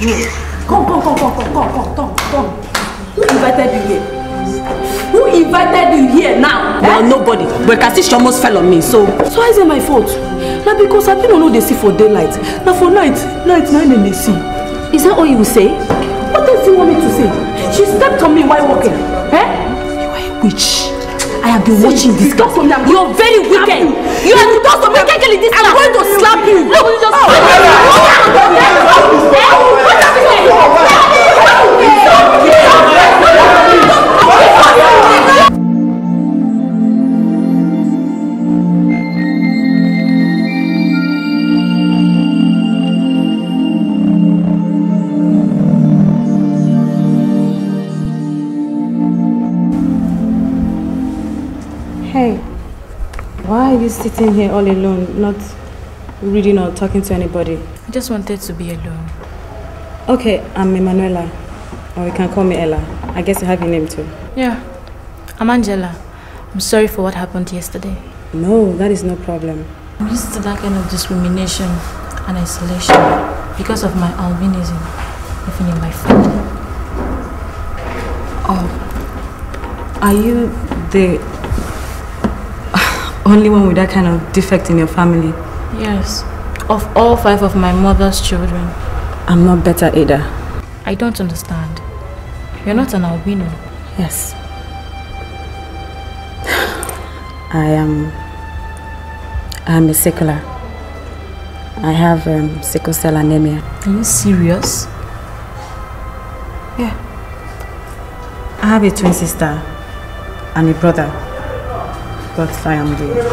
you Come, come, come, come, come, come, come, come. Who invited you here? Who invited you here now? Well, eh? nobody. But Kasish almost fell on me, so. So why is it my fault? Now because I think I know they see for daylight. Now for night, night, night they see. Is that all you say? What else do you want me to say? She stepped on me while walking. Eh? You are a witch have been watching this guy. You are very wicked. You are the dust of me. Can't this I'm going to slap you. Look, you just slap me. What happened? What happened? are you sitting here all alone, not reading or talking to anybody? I just wanted to be alone. Okay, I'm Emanuela. Or you can call me Ella. I guess you have your name too. Yeah. I'm Angela. I'm sorry for what happened yesterday. No, that is no problem. I'm used to that kind of discrimination and isolation because of my albinism, even in my family. Oh, are you the only one with that kind of defect in your family. Yes, of all five of my mother's children. I'm not better either. I don't understand. You're not an albino. Yes. I am... I am a secular. I have um, sickle cell anemia. Are you serious? Yeah. I have a twin sister and a brother because I am doing.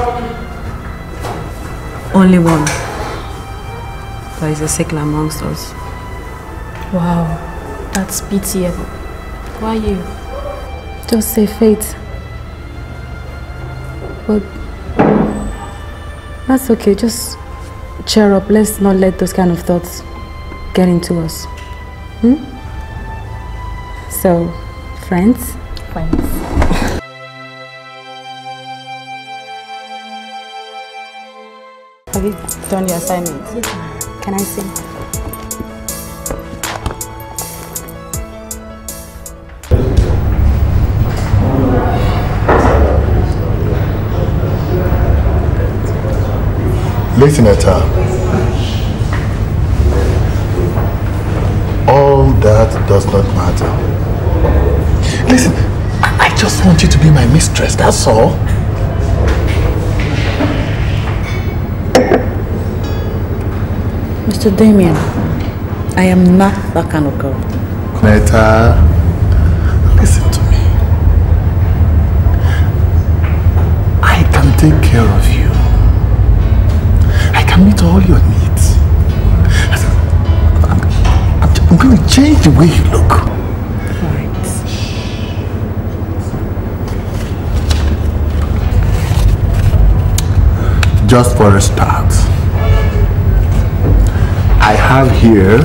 only one that is a sickle amongst us. Wow, that's pity. are you? Just say fate. But that's okay, just cheer up. Let's not let those kind of thoughts get into us. Hmm? So, friends? Friends. Have you done your assignment? Yes, Can I sing? Listen at her. All that does not matter. Listen, I just want you to be my mistress, that's all. Mr. Damien, I am not that kind of girl. Neta, listen to me. I can take care of you. I can meet all your needs. I'm, I'm, I'm going to change the way you look. Right. Just for a start. I have here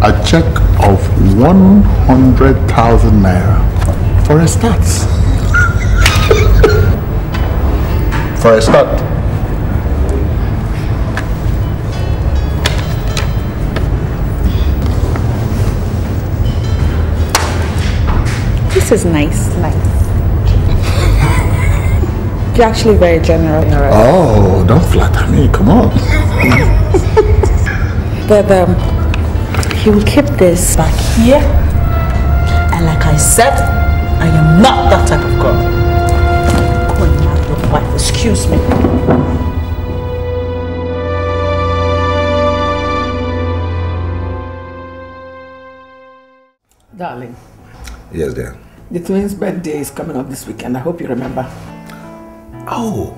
a check of 100,000 naira for a start. for a start. This is nice, nice. You're actually very generous. Oh, don't flatter me. Come on. but um, he will keep this back here. And like I said, I am not that type of girl. Excuse me. Darling. Yes, dear. The twins' birthday is coming up this weekend. I hope you remember. Oh,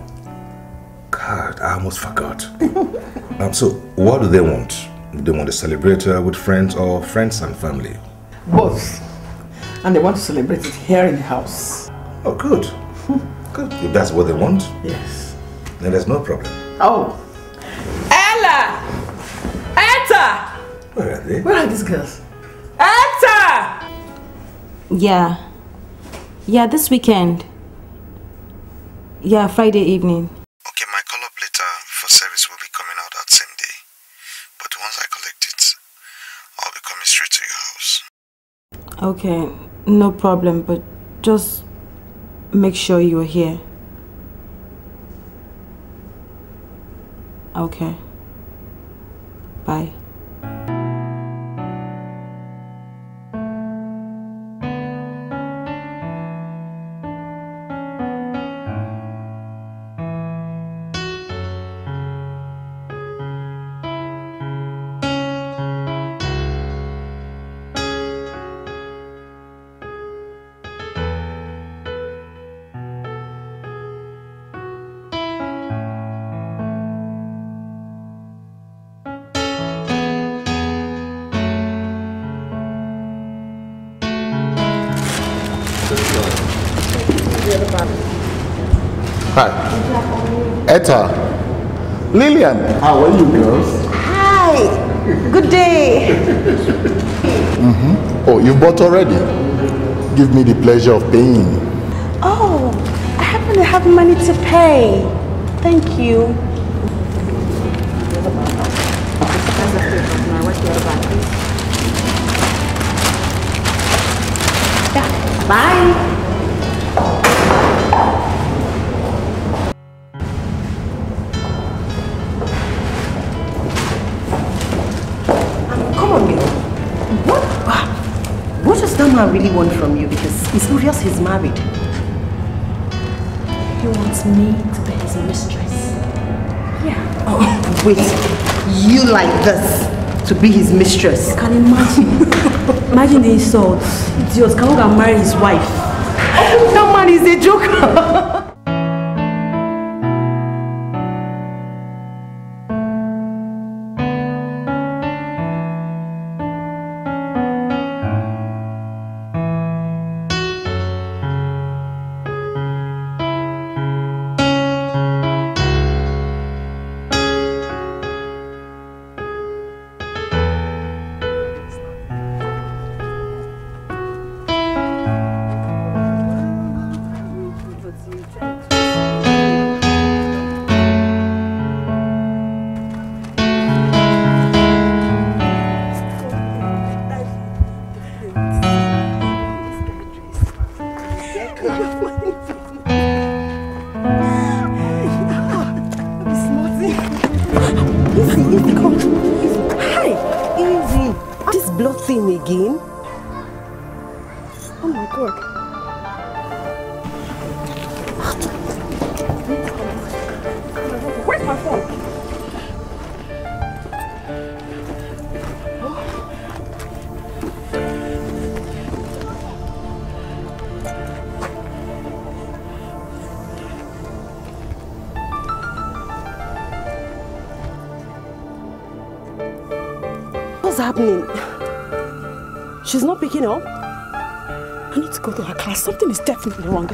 God, I almost forgot. um, so, what do they want? Do they want to celebrate uh, with friends or friends and family? Both. And they want to celebrate it here in the house. Oh, good. good. If that's what they want, yes. then there's no problem. Oh. Ella! Etta! Where are they? Where are these girls? Etta! Yeah. Yeah, this weekend. Yeah, Friday evening. Okay, my call-up letter for service will be coming out that same day. But once I collect it, I'll be coming straight to your house. Okay, no problem, but just make sure you're here. Okay. Bye. how are you girls? Hi, good day. mm -hmm. Oh, you have bought already? Give me the pleasure of paying. Oh, I happen to have money to pay. Thank you. really want from you because he's obvious he's married. He wants me to be his mistress. Yeah. Oh, wait. You like this to be his mistress? You can imagine. imagine the insults. Idiot, Kawoga marry his wife. Oh, that man is a joker. you know, I need to go to her class. Something is definitely wrong.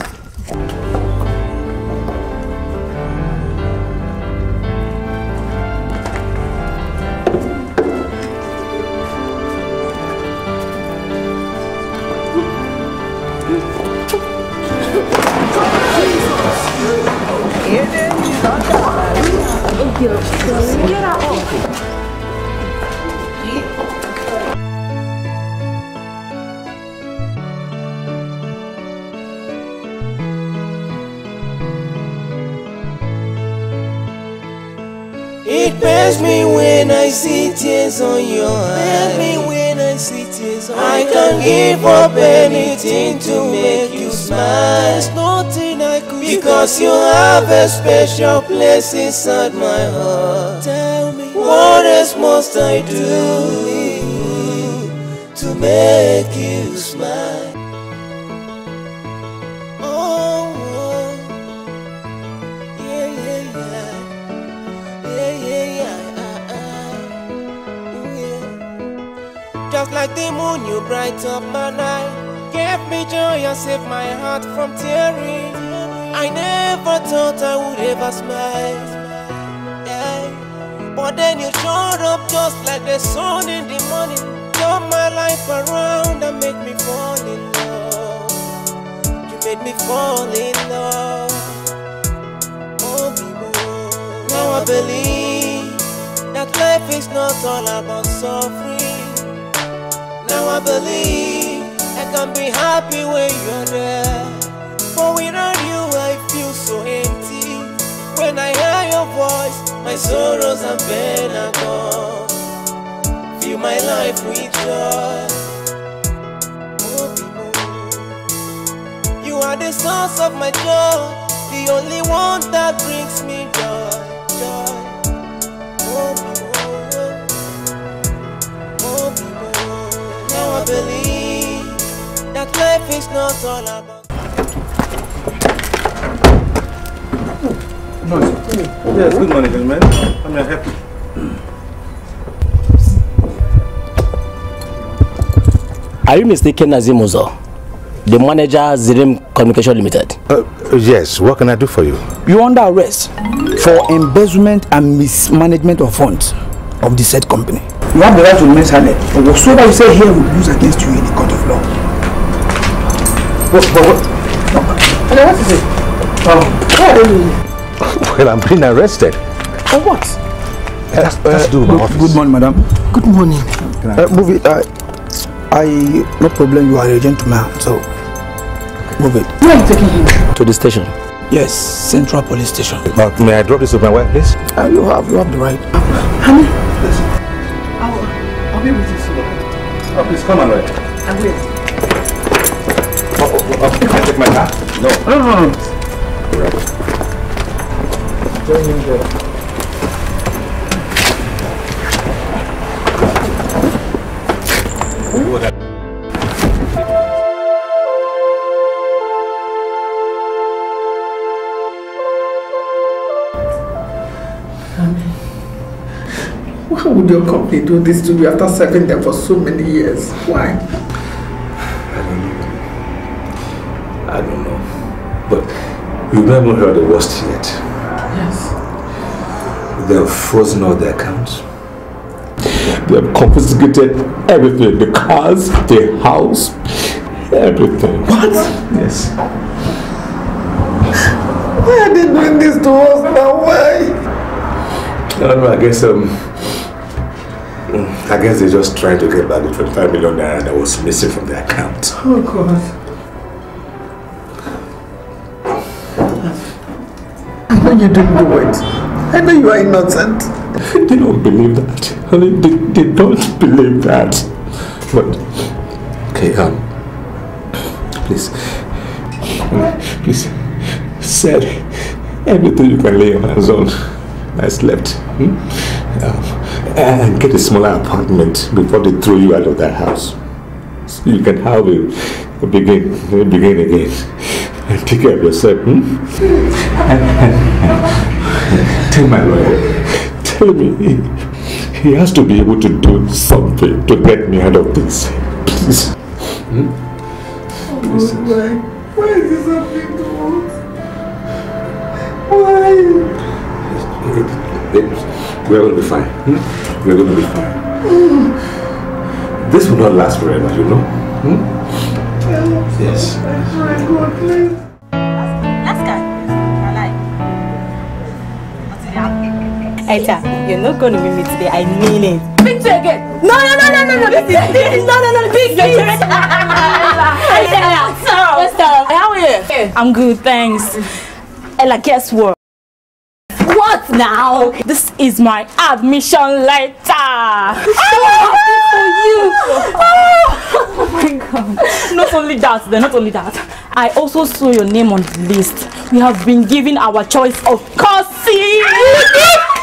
Cause you have a special place inside my heart. Tell me what else must I do to make you smile? Oh, oh, Yeah, yeah, yeah. Yeah, yeah, yeah. Ah, ah. yeah. Just like the moon, you bright up my night. Give me joy and save my heart from tearing. I never thought I would ever smile. Yeah. But then you showed up just like the sun in the morning. Turn my life around and make me fall in love. You made me fall in love. Oh, baby. Now I believe that life is not all about suffering. Now I believe I can be happy when you're there. For not. voice, my sorrows are better gone. Fill my life with joy. You are the source of my joy, the only one that brings me joy. joy. Now I believe that life is not all about. Morning. Yes, good morning, gentlemen. How may I help you? Are you mistaken Azimuzo? The manager Zirim Communication Limited. Uh, yes, what can I do for you? You're under arrest for embezzlement and mismanagement of funds of the said company. You have the right to remain silent, but whatsoever you say here will be used against you in the court of law. What? What? what? No. What is it? Oh. What? well, I'm being arrested. For what? That's, that's do my office. Good morning, madam. Good morning. Can I move it. I, I, no problem, you are a gentleman, so move it. Where are you taking him? To the station. Yes, Central Police Station. Uh, may I drop this with my wife, please? Uh, you have, you have the right. Honey. I'll, I'll be with you soon. Oh, please, come on, right. I will. Oh, oh, oh, can I take my car? No. No, no, no. Right. Doing me good. Why would your company do this to me after serving them for so many years? Why? I don't know. I don't know. But you've never heard the worst yet. They have frozen all the accounts. They have confiscated everything. The cars, the house, everything. What? Yes. Why are they doing this to us now? Why? I don't know, I guess um I guess they're just trying to get back the 25 million naira that was missing from the account. Oh god. I know you didn't do it. I know you are innocent. They don't believe that. Honey, they, they don't believe that. But, okay, um, please, please, say everything you can lay your hands on. I slept. Hmm? Um, and get a smaller apartment before they throw you out of that house. So you can have a, begin, begin again. And take care of yourself. Hmm? Tell my lawyer. Tell me. He has to be able to do something to get me out of this. Please. Hmm? Oh Please. why is this happening to us? Why? we're going to be fine. Hmm? We're going to be fine. Mm. This will not last forever, you know. Hmm? Yes. yes. Oh my God, please. Aita, you're not going to win me today. I mean it. Victor again. No, no, no, no, no, no. This is this is no, no, no. Big feet. Aita, Aita. What's up? How are you? I'm good, thanks. Ella, guess what? What now? This is my admission letter. Oh! Oh, oh my god. Not only that, then not only that. I also saw your name on the list. We have been given our choice of courses.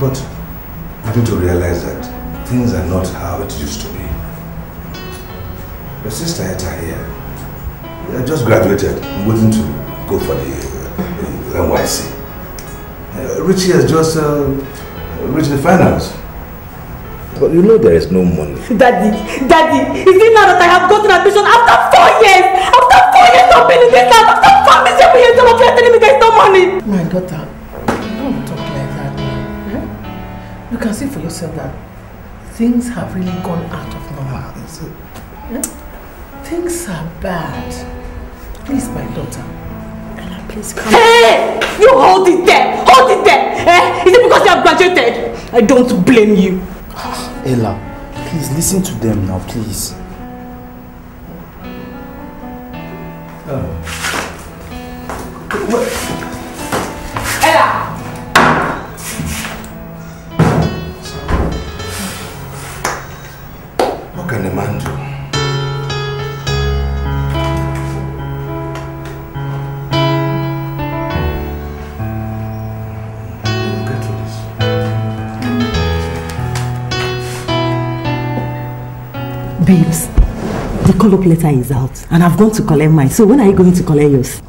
But I need to realize that things are not how it used to be. Your sister Etta here, I just graduated. I'm waiting to go for the uh, NYC. Uh, Richie has just uh, reached the finals. But you know there is no money. Daddy, Daddy, is it now that I have gotten admission after four years? After four years of being in this house, after four years of telling me there is no money! My daughter, said that things have really gone out of normal. Is Things are bad. Please, my daughter. Ella, please come. Hey! You hold it there! Hold it there! Eh? Is it because you have graduated? I don't blame you. Ella, please listen to them now, please. The call-up letter is out and I've gone to collect mine. So when are you going to collect yours?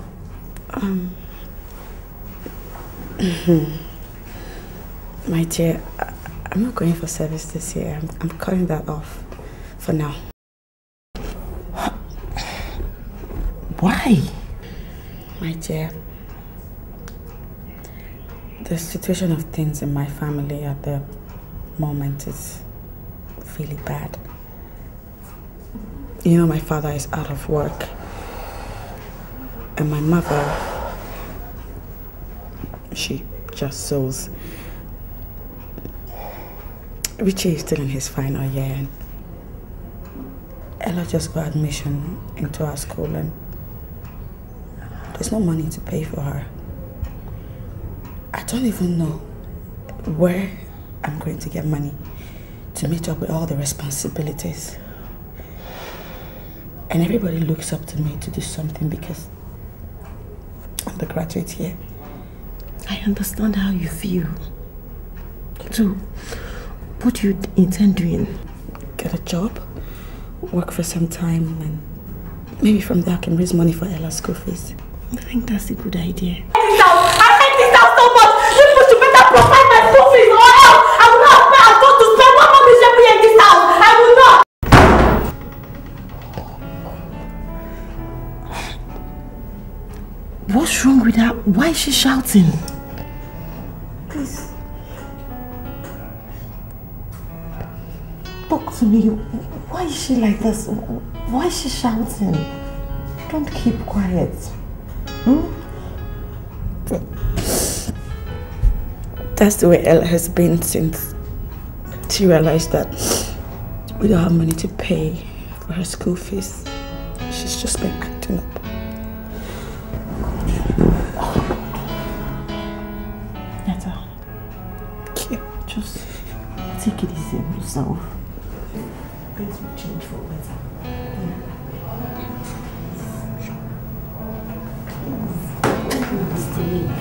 Um, my dear, I, I'm not going for service this year. I'm, I'm cutting that off for now. Why? My dear, the situation of things in my family at the moment is really bad. You know, my father is out of work. And my mother, she just sews. Richie is still in his final year. And Ella just got admission into our school and there's no money to pay for her. I don't even know where I'm going to get money to meet up with all the responsibilities. And everybody looks up to me to do something because I'm the graduate here. I understand how you feel. So, what do you intend doing? Get a job, work for some time, and maybe from there I can raise money for Ella's school fees. I think that's a good idea. I hate this house! I so much! You push to better provide my school fees! What's wrong with her? Why is she shouting? Please. Talk to me. Why is she like this? Why is she shouting? Don't keep quiet. Hmm? That's the way Ella has been since she realized that we don't have money to pay for her school fees. She's just been acting up. So things will change for better.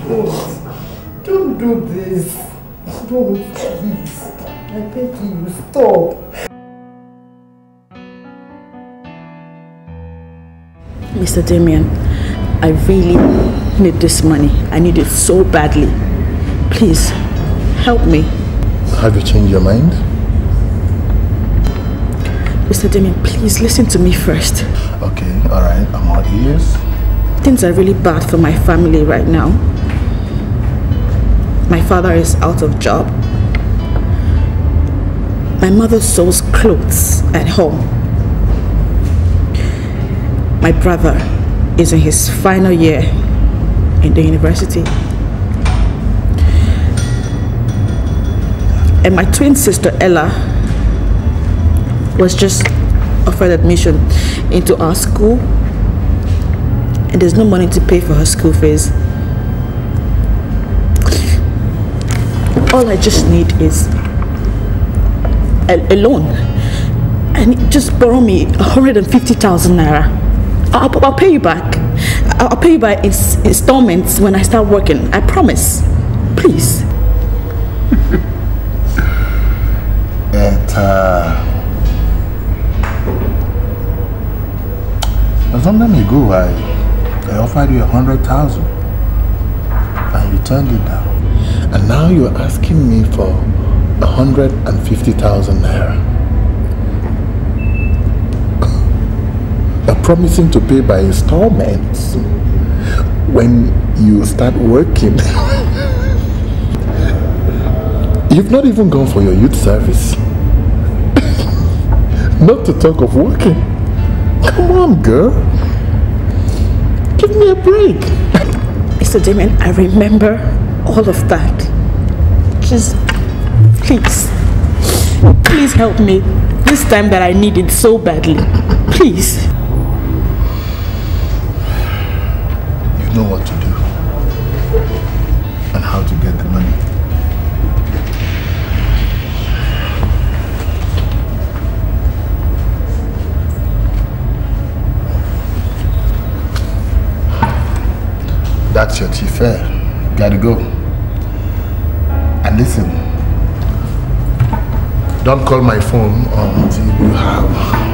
Oh, don't do this. Don't, please. I beg you, stop. Mr. Damien, I really need this money. I need it so badly. Please, help me. Have you changed your mind? Mr. Demi, please listen to me first. Okay, alright, I'm all ears. Things are really bad for my family right now. My father is out of job. My mother sews clothes at home. My brother is in his final year in the university. And my twin sister Ella was just offered admission into our school and there's no money to pay for her school fees. All I just need is a, a loan and just borrow me 150,000 naira. I'll, I'll, pay you back. I'll pay you by ins installments when I start working. I promise. Please. Better. Uh, But sometime ago, I, I offered you a hundred thousand and you turned it down. And now you're asking me for a hundred and fifty thousand naira. You're promising to pay by installments when you start working. You've not even gone for your youth service. not to talk of working. Come on, girl. Give me a break. Mr. Damon, I remember all of that. Just please, please help me this time that I need it so badly. Please. You know what to do and how to get the money. That's your chief fare. Gotta go. And listen, don't call my phone until you have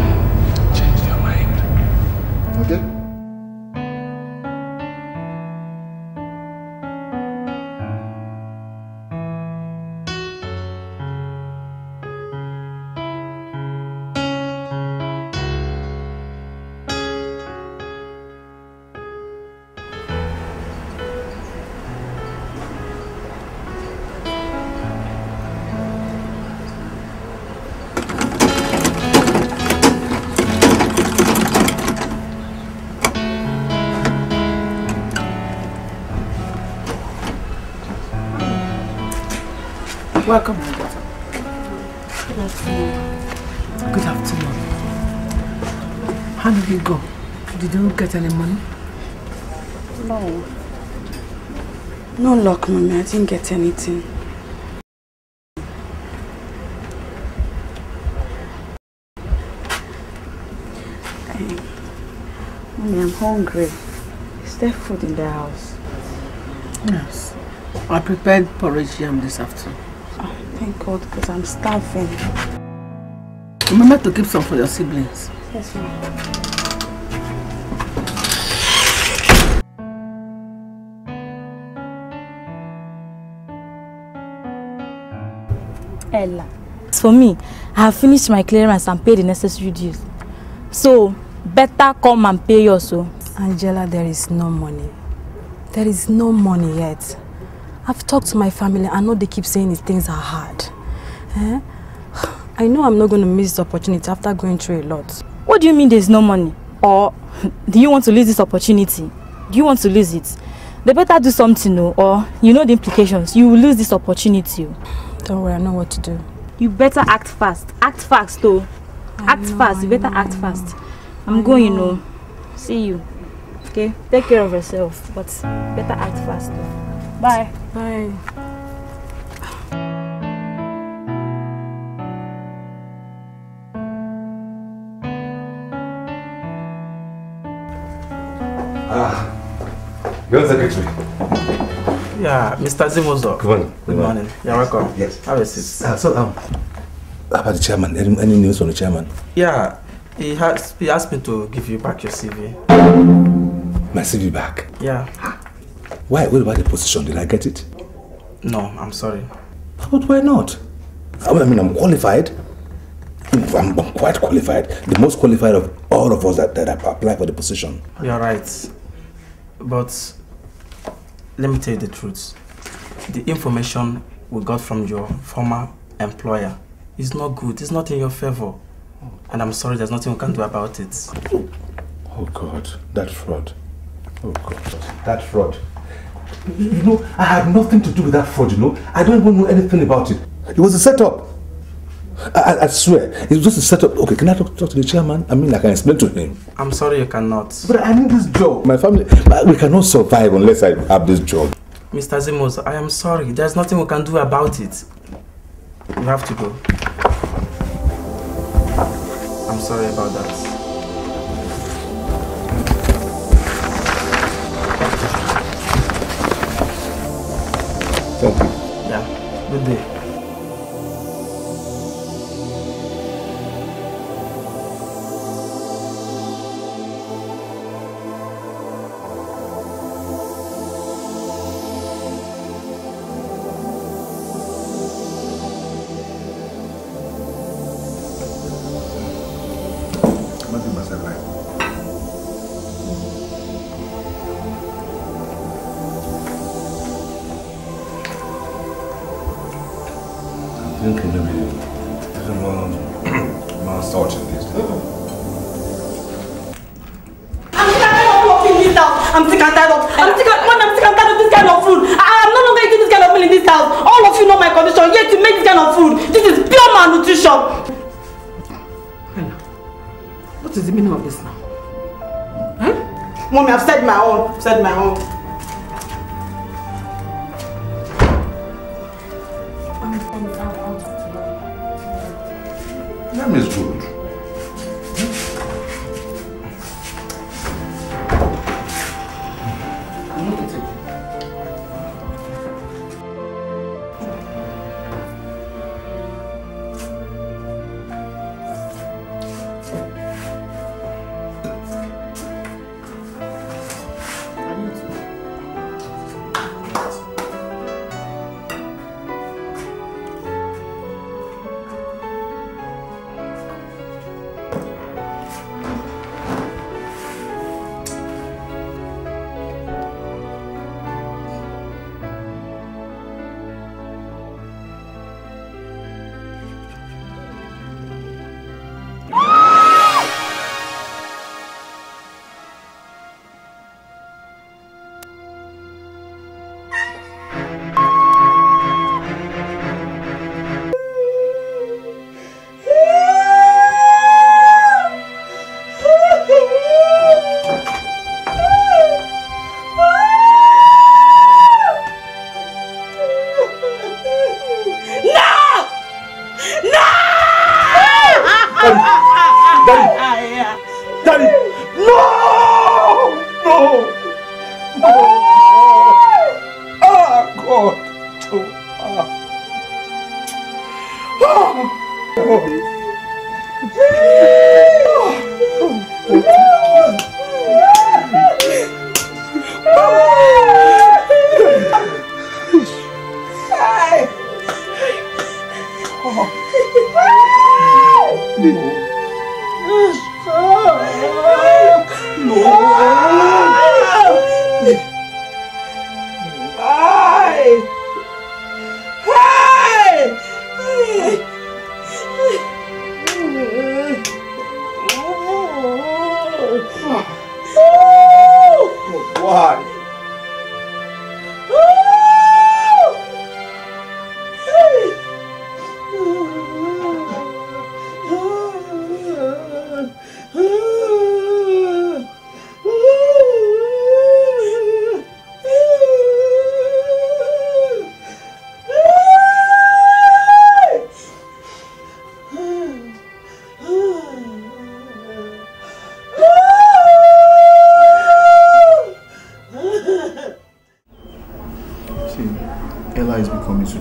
didn't get anything. mommy, I'm hungry. Is there food in the house? Yes. I prepared porridge yam this afternoon. Oh, thank God, because I'm starving. Remember to keep some for your siblings. Yes, ma'am. Ella. As for me, I have finished my clearance and paid the necessary dues. So, better come and pay yours. So, oh. Angela, there is no money. There is no money yet. I've talked to my family. I know they keep saying these things are hard. Eh? I know I'm not going to miss this opportunity after going through a lot. What do you mean there's no money? Or do you want to lose this opportunity? Do you want to lose it? They better do something, oh. or you know the implications. You will lose this opportunity. Oh. Don't worry, I know what to do. You better act fast. Act fast, though. act know, fast. I you better know, act fast. I'm I going, know. See you. Okay? Take care of yourself. But better act fast, though. Bye. Bye. Ah, your secretary. Yeah, Mr. Zimozo. Good morning. Good morning. You're welcome. Yes. Have a seat. Uh, so, um, about the chairman, any, any news on the chairman? Yeah, he has he asked me to give you back your CV. My CV back? Yeah. Why? What about the position? Did I get it? No, I'm sorry. But why not? I mean, I'm qualified. I'm, I'm quite qualified. The most qualified of all of us that, that apply for the position. You're right. But let me tell you the truth. The information we got from your former employer is not good. It's not in your favor. And I'm sorry, there's nothing we can do about it. Oh, God. That fraud. Oh, God. That fraud. You know, I had nothing to do with that fraud, you know. I don't even know anything about it. It was a setup. I, I, swear, it's just a setup. Okay, can I talk, talk, to the chairman? I mean, I can explain to him. I'm sorry, you cannot. But I need this job. My family, we cannot survive unless I have this job. Mr. Zimos, I am sorry. There's nothing we can do about it. You have to go. I'm sorry about that. Thank you. Yeah, good day. What is the meaning of this now? Hmm? Mommy, I've said my own. I've said my own.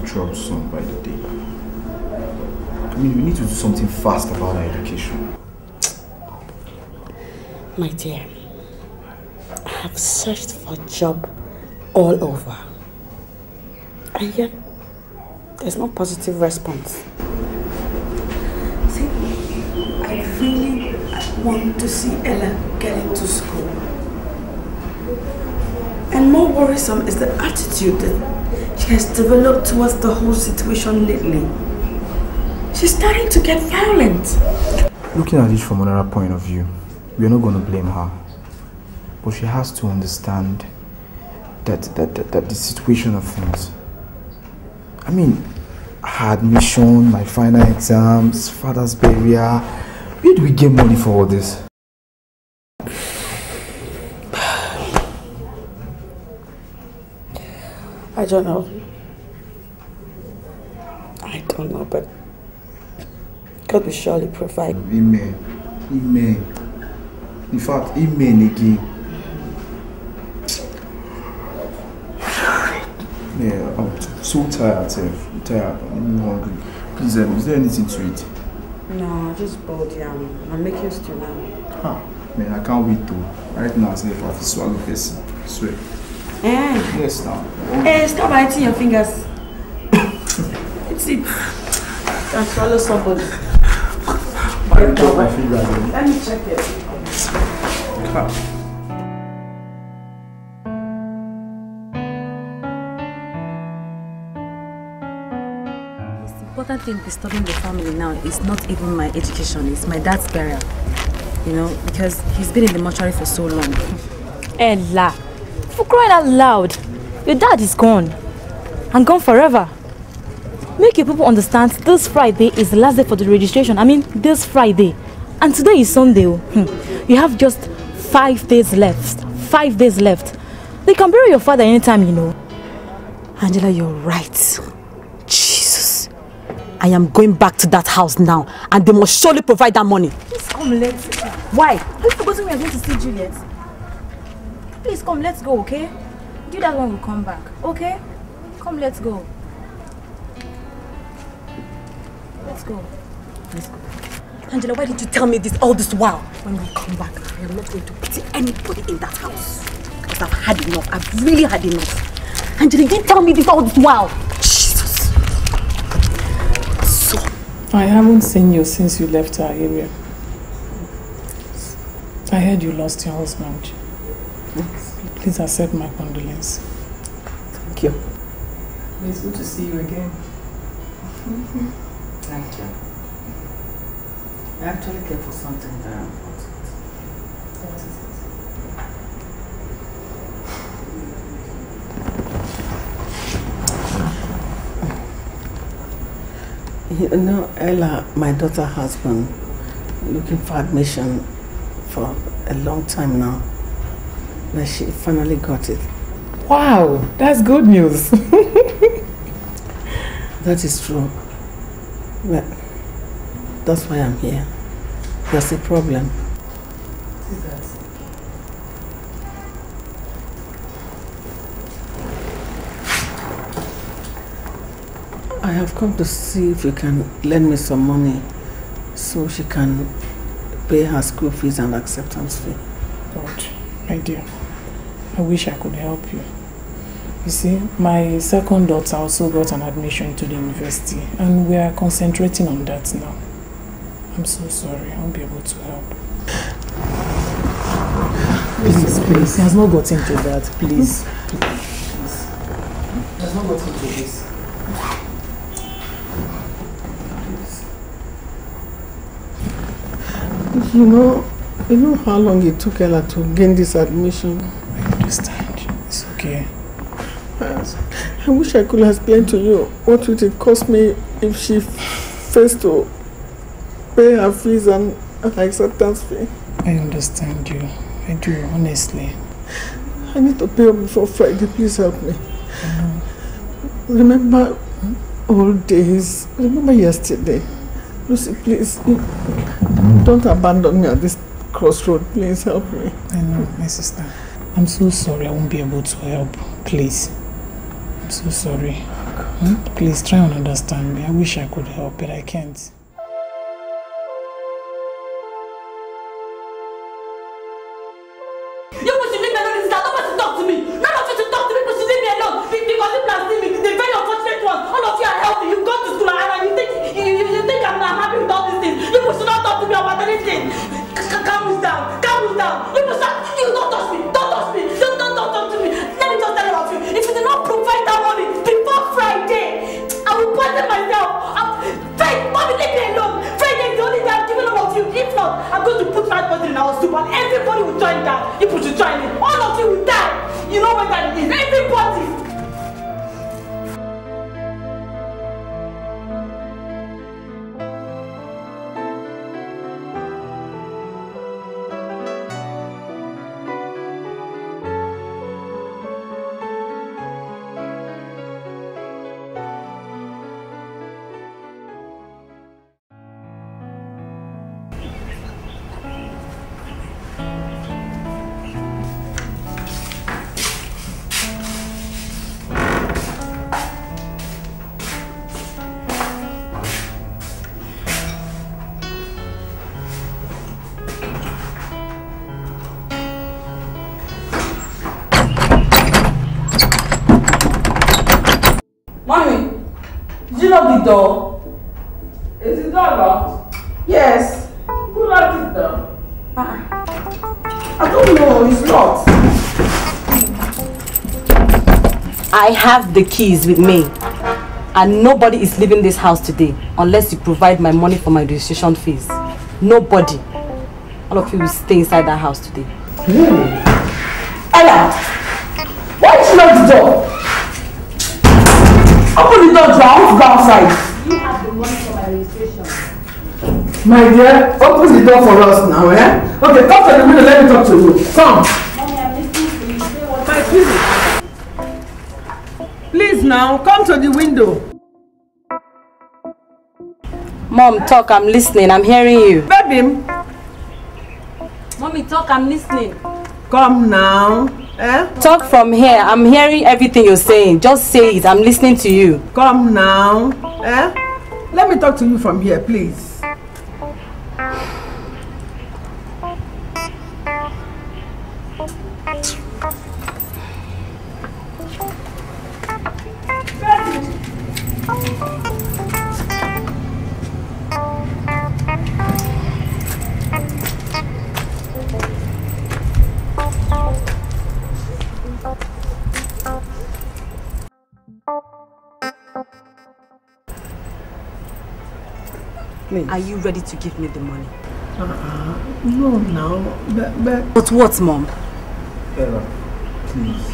troublesome by the day. I mean, we need to do something fast about our education. My dear, I have searched for a job all over. And yet, there's no positive response. See, I really want to see Ella getting to school. And more worrisome is the attitude that she has developed towards the whole situation lately. She's starting to get violent. Looking at it from another point of view, we're not going to blame her. But she has to understand that, that, that, that the situation of things. I mean, her admission, my final exams, father's burial. Where do we get money for all this? don't know. I don't know, but God will surely provide. Amen. Amen. In fact, amen again. Yeah, I'm so tired, Seth. I'm tired. I'm hungry. Please, um, is there anything to eat? No, just boiled yam. I'm making stew now. Ah, man, I can't wait though. Right now, I'm I to swallow this. Sweet. Eh? Yes, now. Eh, stop biting your fingers. it's it. I can swallow somebody. Let me check it. Come. important thing disturbing the family now is not even my education, it's my dad's burial. You know, because he's been in the mortuary for so long. Ella, for crying out loud, your dad is gone. And gone forever. Make your people understand this Friday is the last day for the registration. I mean, this Friday. And today is Sunday. Oh. Hmm. You have just five days left. Five days left. They can bury your father anytime, you know. Angela, you're right. Jesus. I am going back to that house now. And they must surely provide that money. Please come late. Why? Are you forgotten we are going to see Juliet? Please come, let's go, okay? Do that when we come back, okay? Come, let's go. Let's go. Let's go. Angela, why didn't you tell me this all this while? When we come back, I am not going to pity anybody in that house. Because I've had enough. I've really had enough. Angela, you didn't tell me this all this while. Jesus. So. I haven't seen you since you left our area. I heard you lost your husband. Please accept my condolence. Thank you. It's good to see you again. Thank you. I actually came for something very important. What is it? You know, Ella, my daughter's husband, looking for admission for a long time now that she finally got it. Wow, that's good news. that is true. Well, that's why I'm here. There's a problem. I have come to see if you can lend me some money so she can pay her school fees and acceptance fee. God, my dear. I wish I could help you. You see, my second daughter also got an admission to the university and we are concentrating on that now. I'm so sorry, I won't be able to help. Please, please, he has not got into that, please. please. He has not got into this. Please. You know, you know how long it took Ella to gain this admission? I wish I could explain to you what would it cost me if she fails to pay her fees and her acceptance fee. I understand you. I do, honestly. I need to pay up before Friday. Please help me. Remember old days. Remember yesterday. Lucy, please, don't abandon me at this crossroad. Please help me. I know, my sister. I'm so sorry I won't be able to help. Please. I'm so sorry. Hmm? Please try and understand me. I wish I could help, but I can't. keys with me. And nobody is leaving this house today unless you provide my money for my registration fees. Nobody. All of you will stay inside that house today. Really? Ella! Why did you lock the door? Open the door to our house outside. You have the money for my registration. My dear, open the door for us now, eh? Okay, come to the window, let me talk to you. Come. to the window. Mom, talk, I'm listening, I'm hearing you. Baby. Mommy, talk, I'm listening. Come now. Eh? Talk from here, I'm hearing everything you're saying. Just say it, I'm listening to you. Come now. Eh? Let me talk to you from here, please. Please. Are you ready to give me the money? Uh-uh. No, no. But, but... but what, Mom? Ella, please,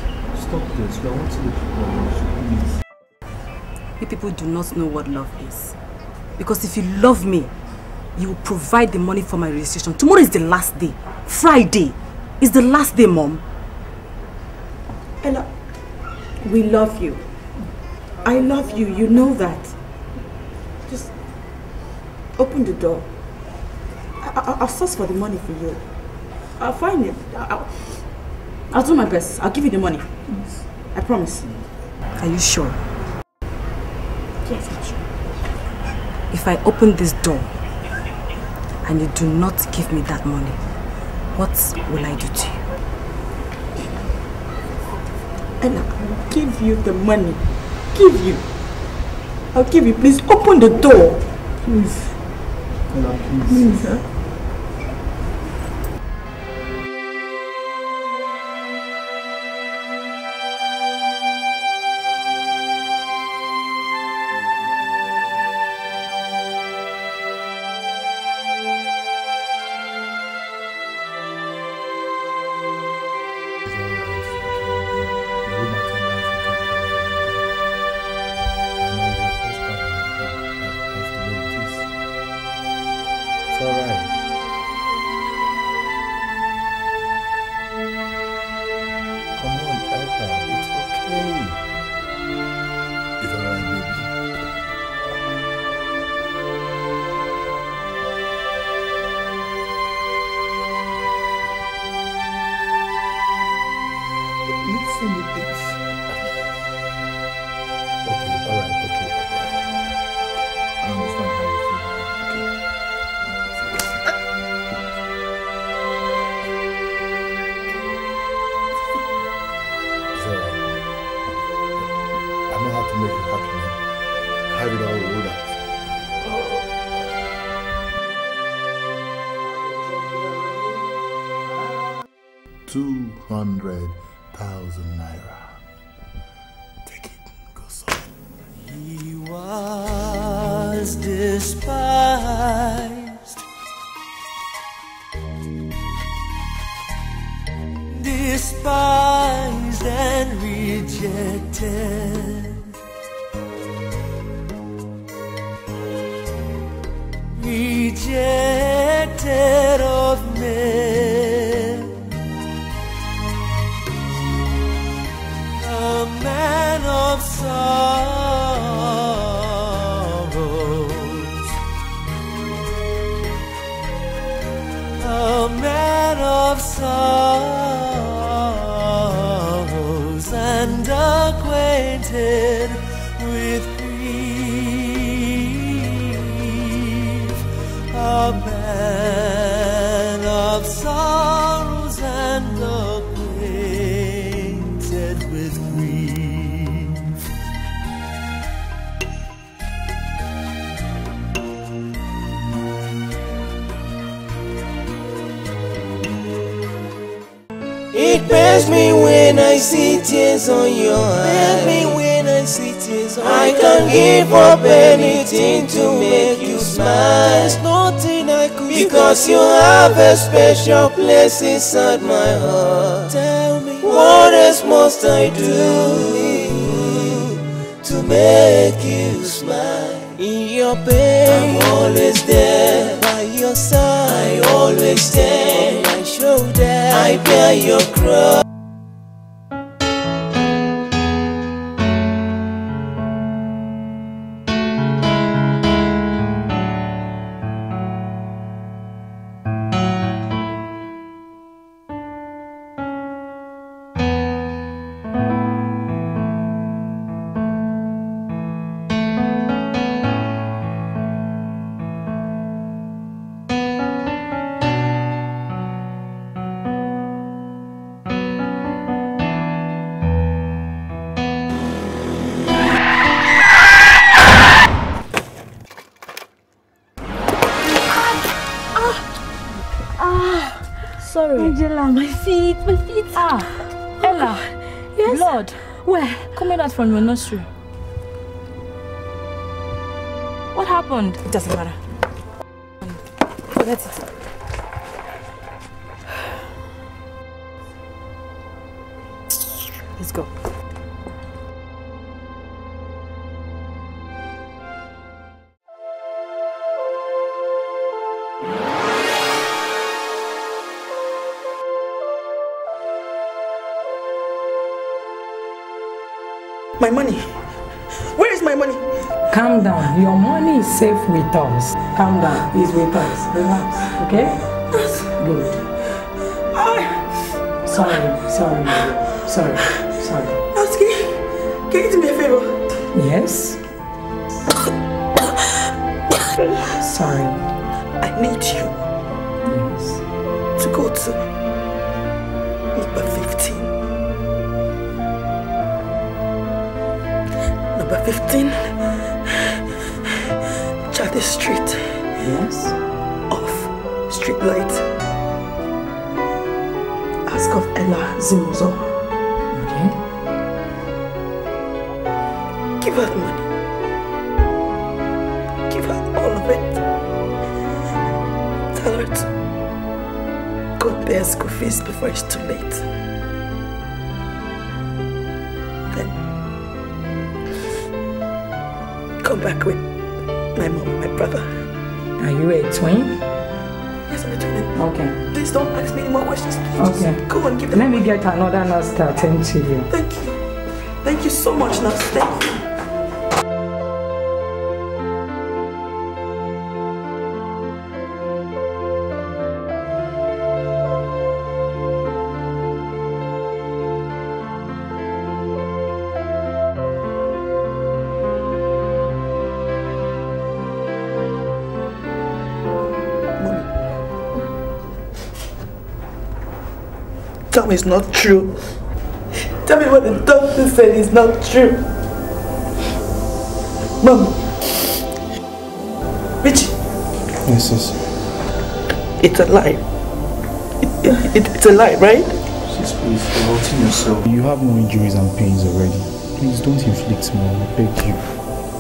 stop this. We are wanting for people. Please. You people do not know what love is. Because if you love me, you will provide the money for my registration. Tomorrow is the last day. Friday is the last day, Mom. Ella, we love you. I love you. You know that. Just open the door. I will source for the money for you. I'll find it. I'll, I'll do my best. I'll give you the money. I promise. Are you sure? Yes, If I open this door and you do not give me that money, what will I do to you? And I'll give you the money. Give you. I'll give you. Please open the door. Please. No, please. Please, huh? know how to make it happen. that Two hundred thousand naira. Take it, go son. He was despised. despised and rejected. I see tears on your eyes. me when I see tears on I can't give up anything to make you smile. There's nothing I could Because you have a special place inside my heart. Tell me what else must I do to make you smile? In your pain, I'm always there by your side. I always stand on my shoulder. I bear your cross. Ah, sorry. Angela, my feet, my feet. Ah, Ella. Oh, yes. Blood. Where? Coming out from your nursery. What happened? It doesn't matter. Forget it. Let's go. My money. Where is my money? Calm down. Your money is safe with us. Calm down. It's with us. Relax. Okay? Good. I... Sorry. Sorry. Sorry. Sorry. Natsuki, can you do me a favor? Yes? Sorry. I need you. number 15, Chatty Street. Yes? Off street light. Ask of Ella Zimuzo. Okay. Give her the money. Give her all of it. Tell her to go pay her school fees before it's too late. back with my mom and my brother. Are you a twin? Yes, I'm a twin. Okay. Please don't ask me any more questions. Please okay. go and give them. Let me get another nurse to attend to you. Thank you. Thank you so much, nurse. Thank you. is not true. Tell me what the doctor said is not true. Mom. Richie. Yes, yes. It's a lie. It, it, it's a lie, right? Sis, please, you're hurting yourself. You have more injuries and pains already. Please don't inflict more, I beg you.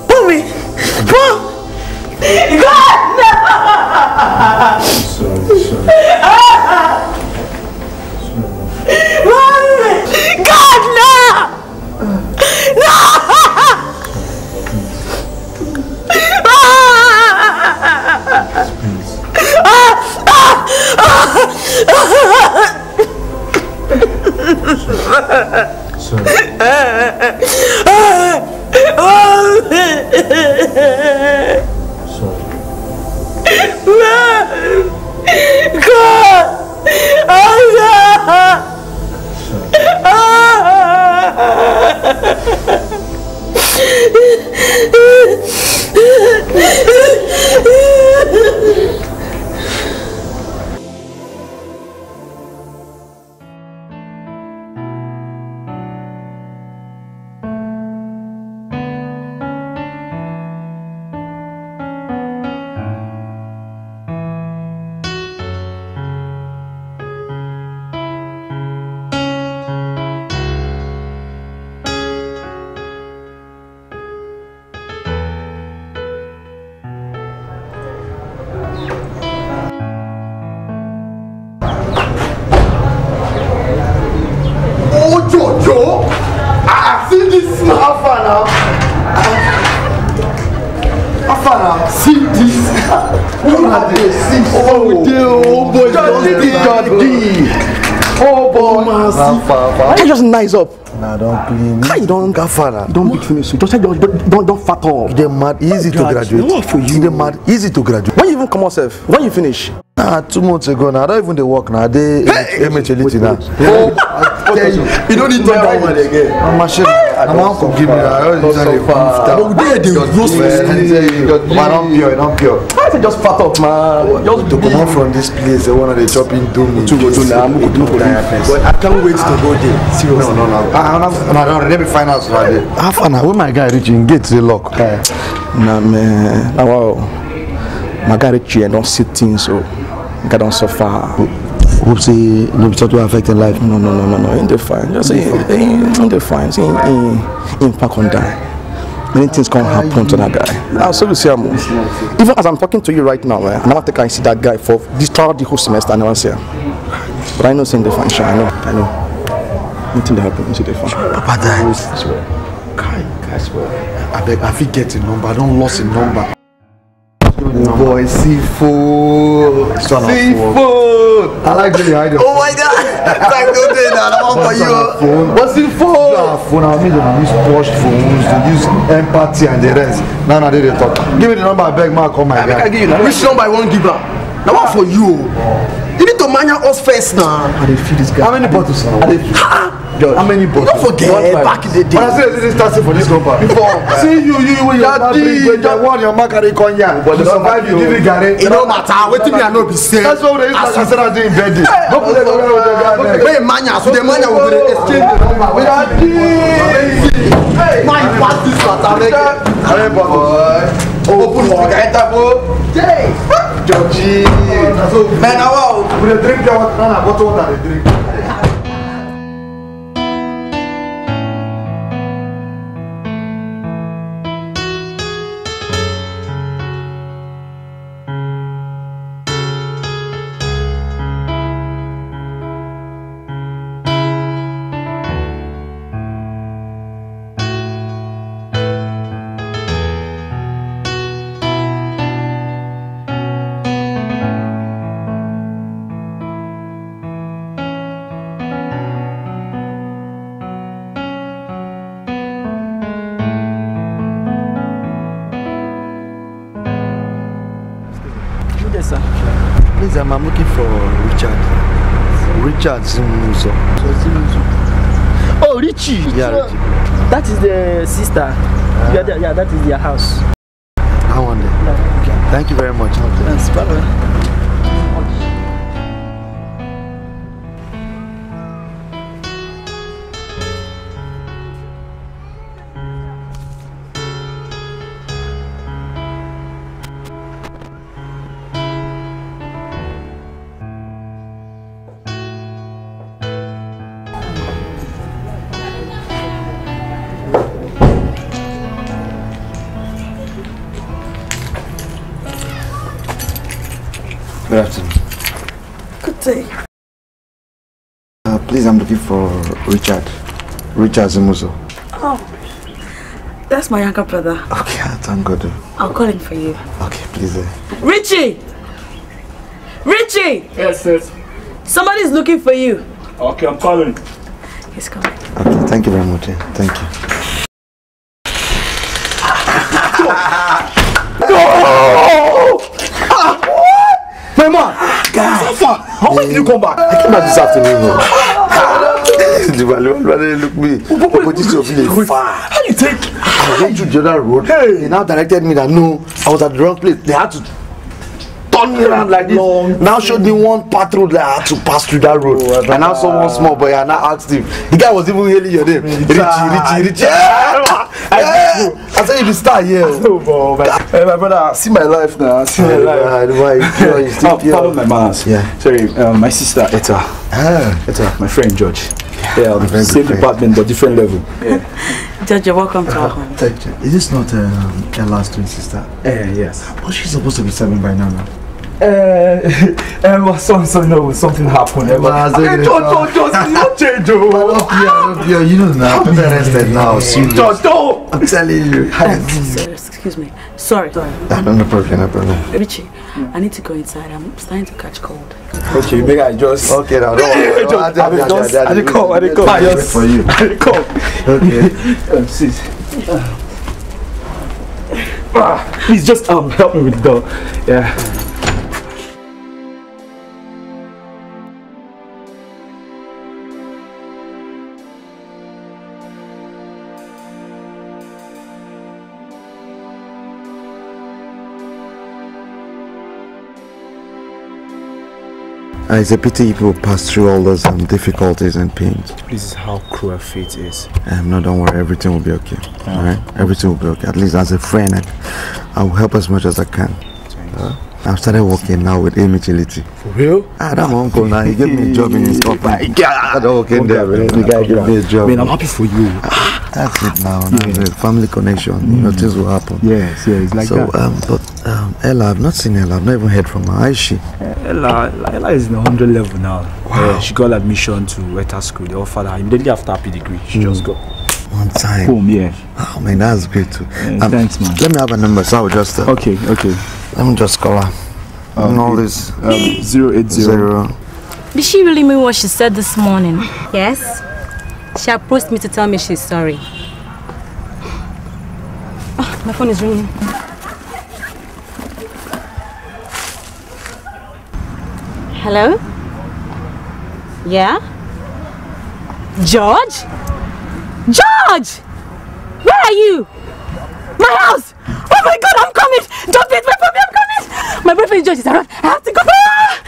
Mommy! Mom! God! No! Sorry, sorry. Ah! nice up. Nah, don't play me. Don't don far. Don't big finish you just say don't. Don't don't fat up. They mad easy to graduate. no for you. you mad easy to graduate. when you even come out self. when you finish. Nah, two months ago Nah, i don even they work na i dey mh elite na. oh you don't need to buy one again. I'm machine. I don't suffer. Give me that. Don't suffer. But they they roast me. Man, I'm pure. I'm pure. I say just fat up, man. Just to come out from this place, the one that they chopping doom. To go to now, I'm going to for there first. But I can't wait to go there. Seriously. No, no, no. I don't have. I don't have finals right there. Half an hour. When my guy reach reaching gate, they lock. Nah, man. Wow. My guy reaching, don't see things so. God don't suffer hope say no be something affect im life. no no no no no im dey fine just say im dey fine say im im pack on die many things can happen to that guy. Now, so you see, I'm, even as I'm talking to you right now, eh, I never think I see that guy for this throughout the whole semester. I never see him. Eh. But I know saying the function. I know. I know. Nothing that happened to the function. Papa died. I swear. Kai, I swear. I beg, I get the number. I don't lost the number boy C4. C4. I like the idea. Oh my god. Thank you, Dana. I'm on for you. What's C4? Phone. I mean, they use push phones, they use empathy and the rest. Now, now they talk. Give me the number, I beg my call my guy. I give you Which number I won't give up? Now, one for you. You need to manage us first now. I feel this guy. How many bottles? I feel. George. How many bottles? Don't forget one back in the day. When I say I didn't start for this compound. Before see you, you you, you. daddy, when you won your macari cognac, but the survive you didn't gare. It don't matter. Wetin me I no be say. That's what they used to consider doing birthday. No play no play with the guy. Wey manya, so the manya we dey the number. Wey daddy. Man, pass this matter make. Hey boy. Open the gaita bo. Jay. Georgie. Man, how? We dey drink water. Na bottle water dey drink. time I'm looking for Richard. Richard Zimuzo. Oh, Richie. Yeah, Richie. That is the sister. Uh, yeah, yeah, that is their house. I wonder. Yeah. Okay. Thank you very much. Okay. Yes, bye Charles Muzo? Oh, that's my younger brother. Okay, ah, thank God. I'll call him for you. Okay, please. Eh. Richie! Richie! Yes, yes. Somebody's looking for you. Okay, I'm calling. He's coming. Okay, thank you very much. Eh. Thank you. no! Ah, my mom! Ah, God! How far? How far did you come back? I came back this afternoon. the value rather look me opportunity of life how you take i went to the other road hey. they now directed me that no i was at the wrong place they had to turn me around like this Long now showed me one path road that i had to pass through that road oh, and now someone small boy and i asked him the guy was even hailing your name richie richie richie I said you be star here. No, bro, but, hey, eh, my brother, see my life now. See my life. Why? I'll follow my manners. Yeah. Sorry, um, my sister Etta. Ah. Etta, my friend George. Yeah, yeah same department but different level. Yeah. George, welcome to our ah, home. Is this not um, last twin sister? Yeah, yes. But she's supposed to be seven by now. now. uh, um, so so no, something happened. Yeah, but, hey, John, John, John, not change, oh. Well, up ah! you don't know I'm arrested now. Serious. John, no. I'm telling you. excuse me. Sorry. Sorry. Uh, no, no problem, no problem. Richie, I need to go inside. I'm starting to catch cold. Okay, maybe I just. Okay, now don't worry. I didn't just. I didn't come. I didn't come. I just for you. I didn't come. Okay. Um, sit. Ah. Ah, please just um help me with the door. yeah. And it's a pity people pass through all those um, difficulties and pains. This is how cruel fate is. Um, no, don't worry. Everything will be okay. Yeah. All right? Everything will be okay. At least as a friend, I, I will help as much as I can. I'm started working now with A For real? Ah, that my uncle now, he gave me a job in his company. Oh I started working there, man. The guy gave me a job. Man, I'm happy for you. Ah, that's it now. Yeah. Family connection. Mm. You know, mm. things will happen. Yes, yes, like so, that. So, um, but um, Ella, I've not seen Ella. I've not even heard from her. is she? Eh, Ella, Ella is in the 100 level now. Wow. Uh, she got admission to Weta School. They offered her immediately after her degree. She mm. just got. One time. Boom, yeah. Oh man, that's great too. Yeah, um, thanks, man. Let me have a number, so I will just. Uh, okay, okay. Let me just call her. Um, and all this. Um, zero eight zero. zero. Did she really mean what she said this morning? Yes. She approached me to tell me she's sorry. Oh, my phone is ringing. Hello? Yeah? George? George! Raj! Where are you? My house! Oh my god, I'm coming! Don't beat my puppy, I'm coming! My boyfriend George is around. I have to go. Ah!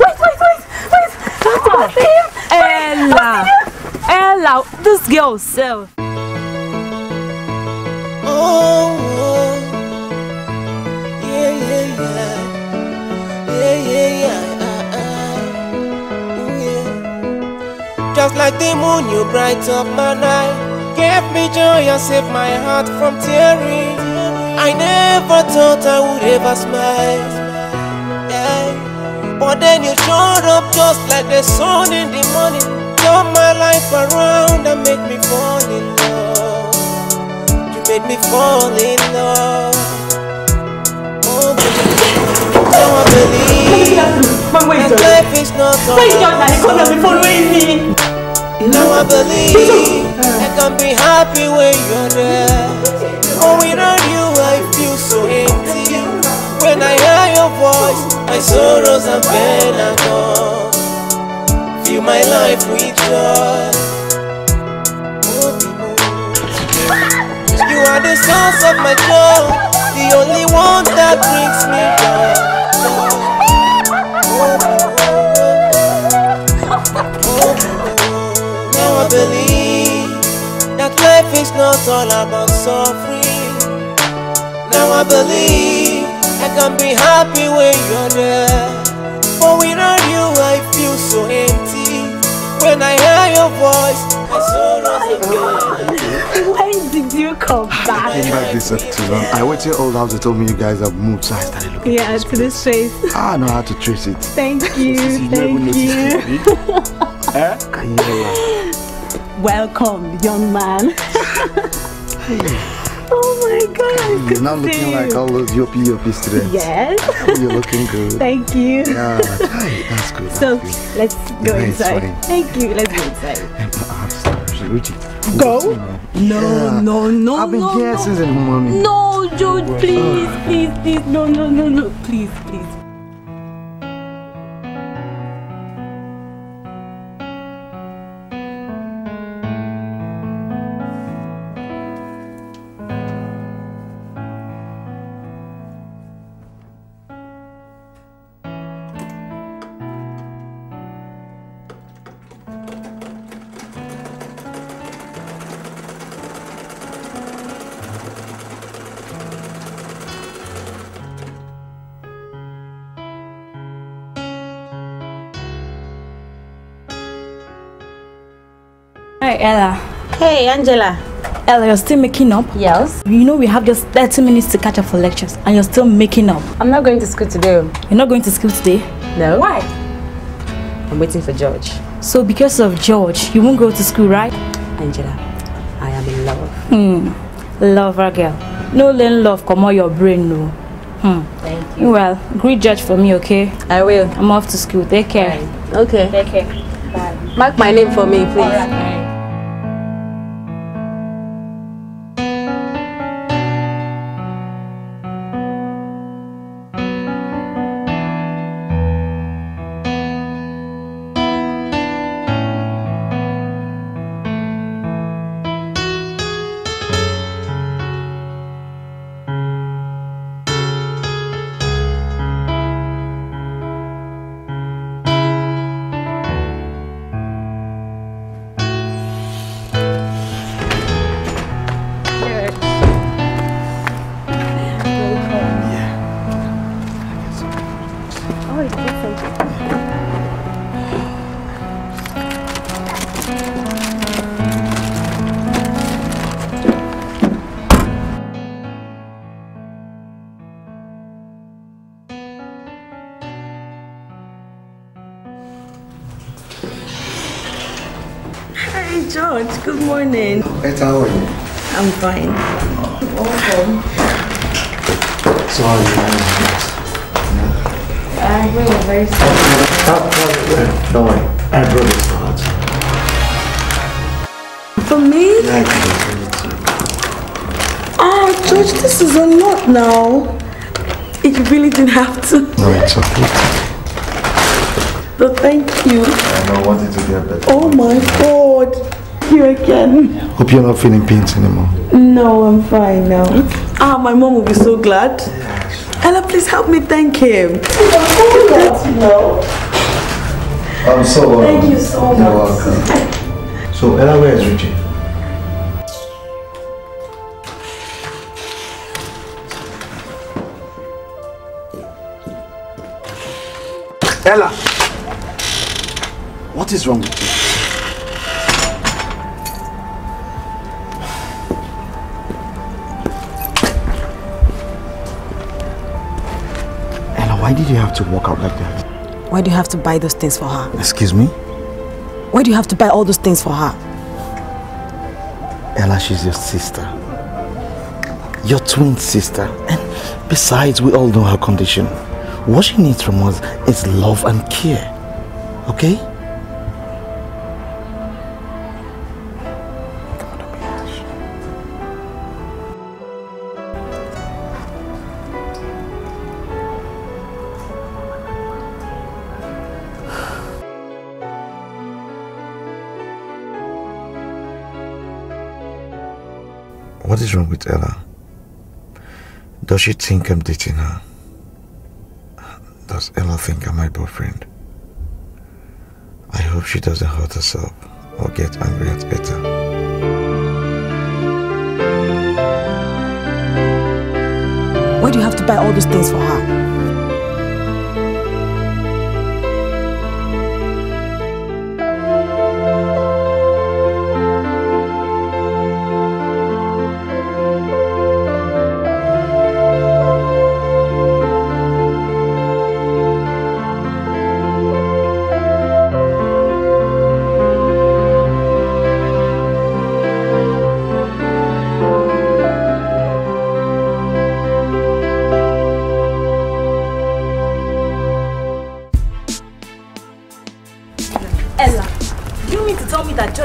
Wait, wait, wait, wait! I have to go see him! Ella! Ella, this girl So. Oh, oh, yeah, yeah, yeah, yeah, yeah, yeah. Uh, uh. Ooh, yeah. Just like the moon, you bright up my night gave me joy and saved my heart from tearing I never thought I would ever smile yeah. But then you showed up just like the sun in the morning Turned my life around and made me fall in love You made me fall in love Oh, baby, now I believe Mom, wait, life is not all Thank God that you called me Now I believe I can't be happy when you're there. Oh, without you, I feel so empty. When I hear your voice, my sorrows are been and gone. Fill my life with joy. You are the source of my joy, the only one that brings me joy. believe that life is not all about suffering Now I believe I can be happy when you're there But without you I feel so empty When I hear your voice I saw nothing When did you come back? I came back this afternoon I went to your old house They told me you guys have moved So I started looking Yeah, to this place Ah, I know how to trace it Thank you, thank you, you. eh? Can you Welcome, young man. oh my God! You're not looking you. like all those yopi yopi students. Yes. Oh, you're looking good. Thank you. Yeah, that's good. So that's good. let's go yeah, inside. Thank you. Let's go inside. Ruchi. Go? No, no, no, no, I've been no, here no. since the morning. No, George, please, please, please, no, no, no, no, please, please, Hey, Angela. Ella, you're still making up? Yes. You know we have just 30 minutes to catch up for lectures and you're still making up. I'm not going to school today. Oh. You're not going to school today? No. Why? I'm waiting for George. So because of George, you won't go to school, right? Angela, I am in love. Hmm. Lover girl. No learn love, come on your brain, no. Hmm. Thank you. Well, greet George for me, okay? I will. I'm off to school. Take care. Bye. Okay. Take care. Bye. Mark my name for me, please. It's But thank you. I wanted to get better. Oh my God. You again. Hope you're not feeling pains anymore. No, I'm fine now. Ah, my mom will be so glad. Ella, please help me thank him. I'm so Thank you so much. You're welcome. So, Ella, where is Richie? Ella, what is wrong with you? Ella, why did you have to walk out like that? Why do you have to buy those things for her? Excuse me? Why do you have to buy all those things for her? Ella, she's your sister. Your twin sister. And besides, we all know her condition. What she needs from us is love and care. Okay? What is wrong with Ella? Does she think I'm dating her? does Ella think I'm my boyfriend? I hope she doesn't hurt herself or get angry at Etta. Why do you have to buy all these things for her?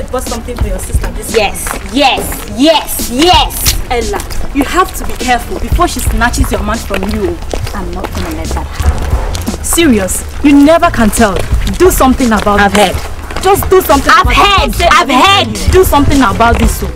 bought something for your sister this Yes, time. yes, yes, yes. Ella, you have to be careful before she snatches your man from you. I'm not gonna let that happen. Serious, you never can tell. Do something about it. I've heard. Just do something I've heard. I've heard. Do something about this. So.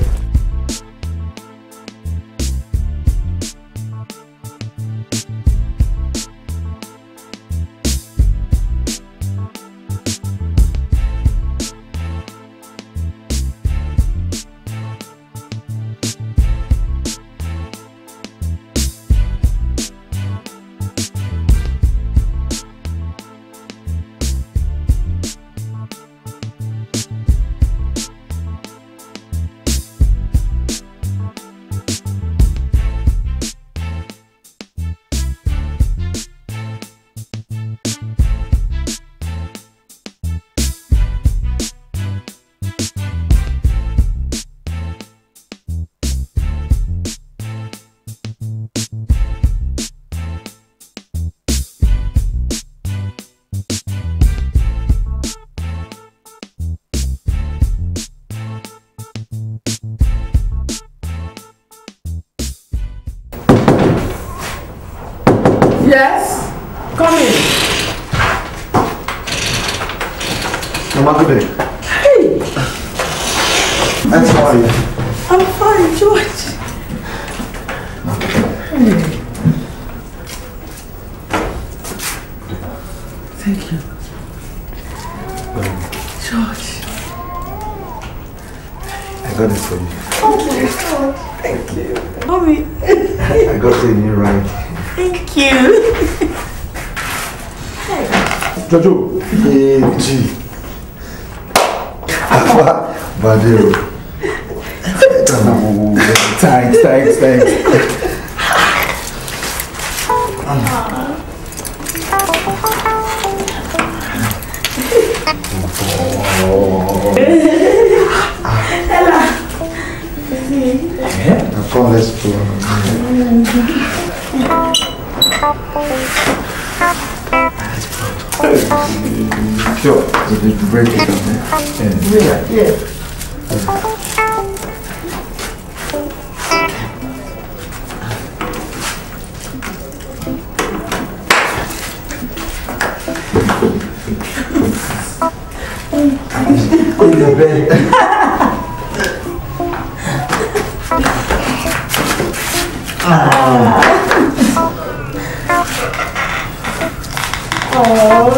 Oh.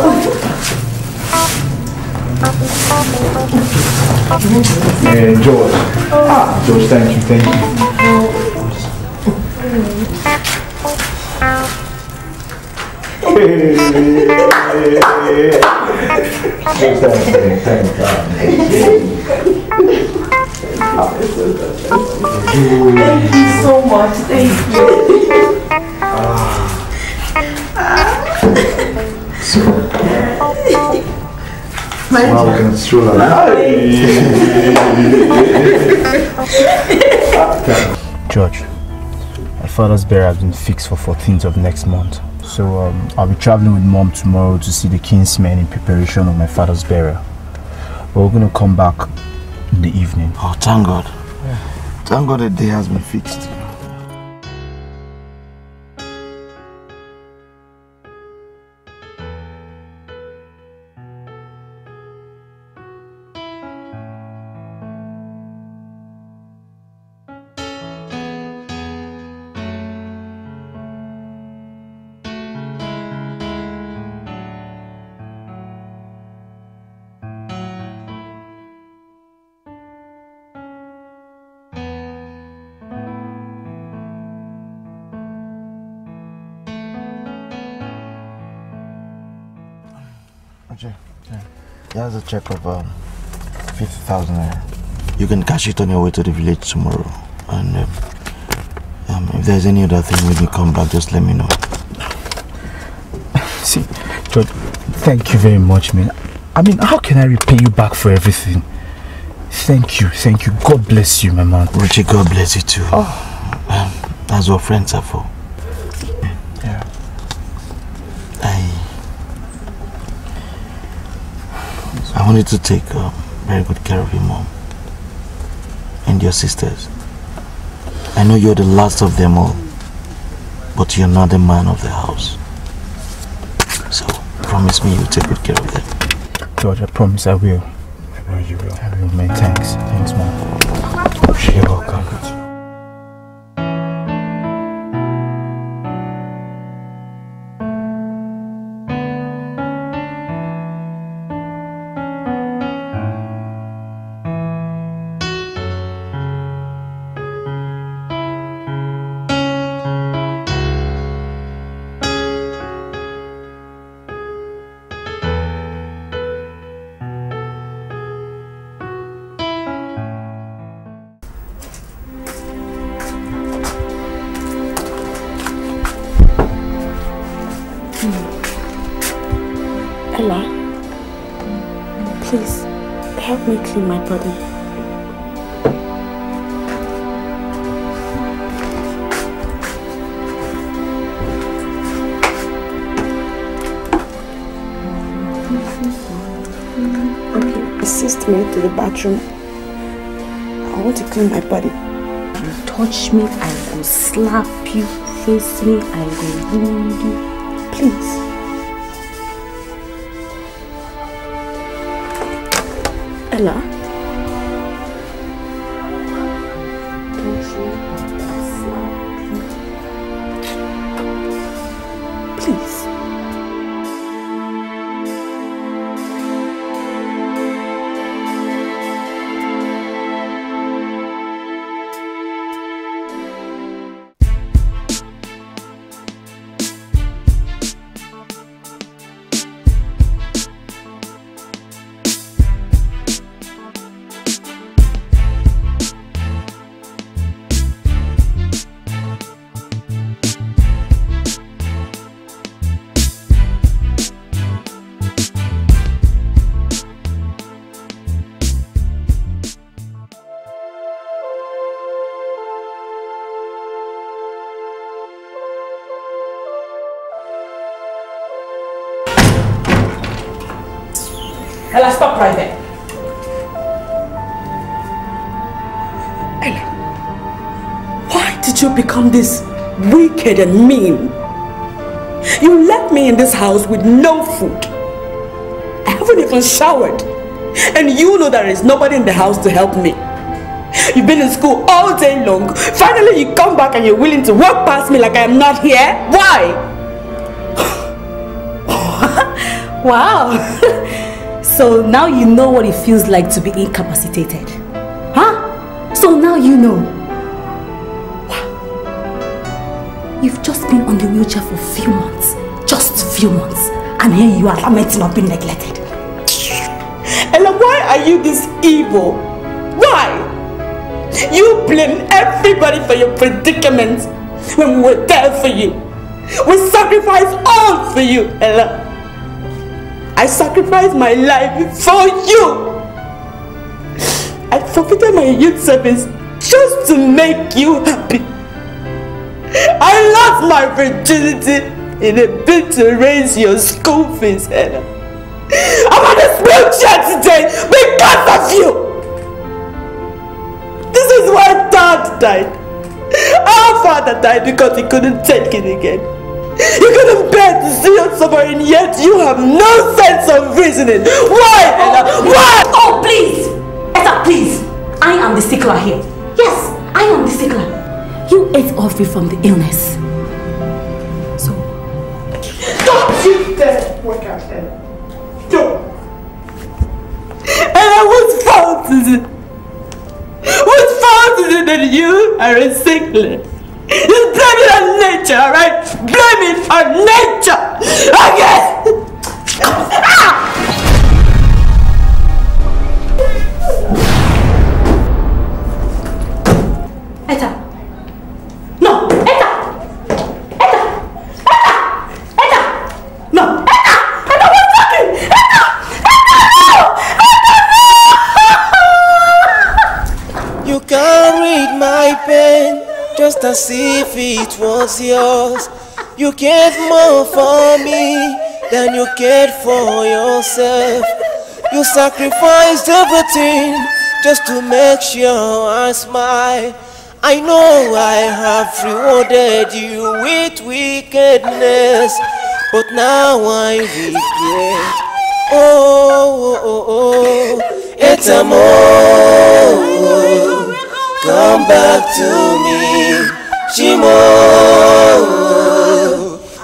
And George. Ah. George, thank you, thank you. Thank Thank you so much. Thank you. Ah. George, my father's burial has been fixed for 14th of next month. So um, I'll be traveling with mom tomorrow to see the kinsmen in preparation of my father's burial. But we're going to come back in the evening. Oh, thank God. Yeah. Thank God the day has been fixed. That's a check of um, 50,000 You can cash it on your way to the village tomorrow. And um, um, if there's any other thing when you come back, just let me know. See, George, thank you very much, man. I mean, how can I repay you back for everything? Thank you, thank you. God bless you, my man. Richie, God bless you too. Oh. Um, that's what friends are for. I want you to take um, very good care of your mom and your sisters. I know you're the last of them all, but you're not the man of the house. So promise me you'll take good care of them. George, I promise I will. I know you will. I will, man. Thanks. Thanks, mom. my body. Okay, assist me to the bathroom. I want to clean my body. You touch me, I will slap you. Face me, I will wound you. Please. Allah this wicked and mean. You left me in this house with no food. I haven't even showered. And you know there is nobody in the house to help me. You've been in school all day long. Finally, you come back and you're willing to walk past me like I am not here. Why? wow. so now you know what it feels like to be incapacitated. Huh? So now you know. wheelchair for a few months. Just few months. And here you are lamenting of being neglected. Ella, why are you this evil? Why? You blame everybody for your predicament when we were there for you. We sacrificed all for you, Ella. I sacrificed my life for you. I forfeited my youth service just to make you happy. I lost my virginity in a bid to raise your school fees, Hannah. I'm on school wheelchair today because of you. This is why Dad died. Our father died because he couldn't take it again. You couldn't bear to see us suffering, yet you have no sense of reasoning. Why, Hannah? Oh, Why? Oh, please! Etta. please! I am the sickler here. Yes, I am the sickler. You ate off me from the illness. So... Don't you dare work out there. No, and I was fault is it? Whose fault is it that you are a sickness? You blame it on nature, alright? Blame it on nature! Okay! Ah! as if it was yours. You cared more for me than you cared for yourself. You sacrificed everything just to make sure I smile. I know I have rewarded you with wickedness, but now I regret. Oh, oh, oh, it's a more. Come back to me. Shimo,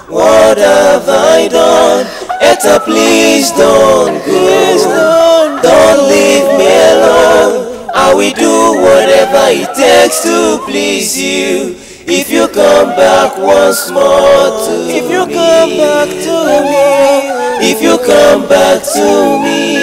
what have I done? Etta, please don't go. Don't leave me alone. I will do whatever it takes to please you. If you come back once more to If you me, come back to me. If you come back to me.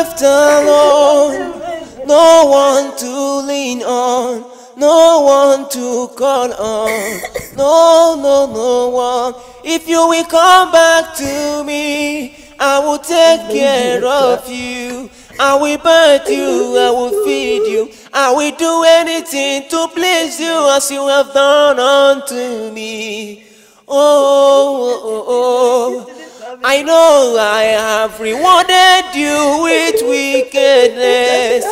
left alone, no one to lean on, no one to call on, no, no, no one. If you will come back to me, I will take care of you. I will bathe you, I will feed you, I will do anything to please you as you have done unto me. Oh, oh, oh. oh. I know I have rewarded you with wickedness,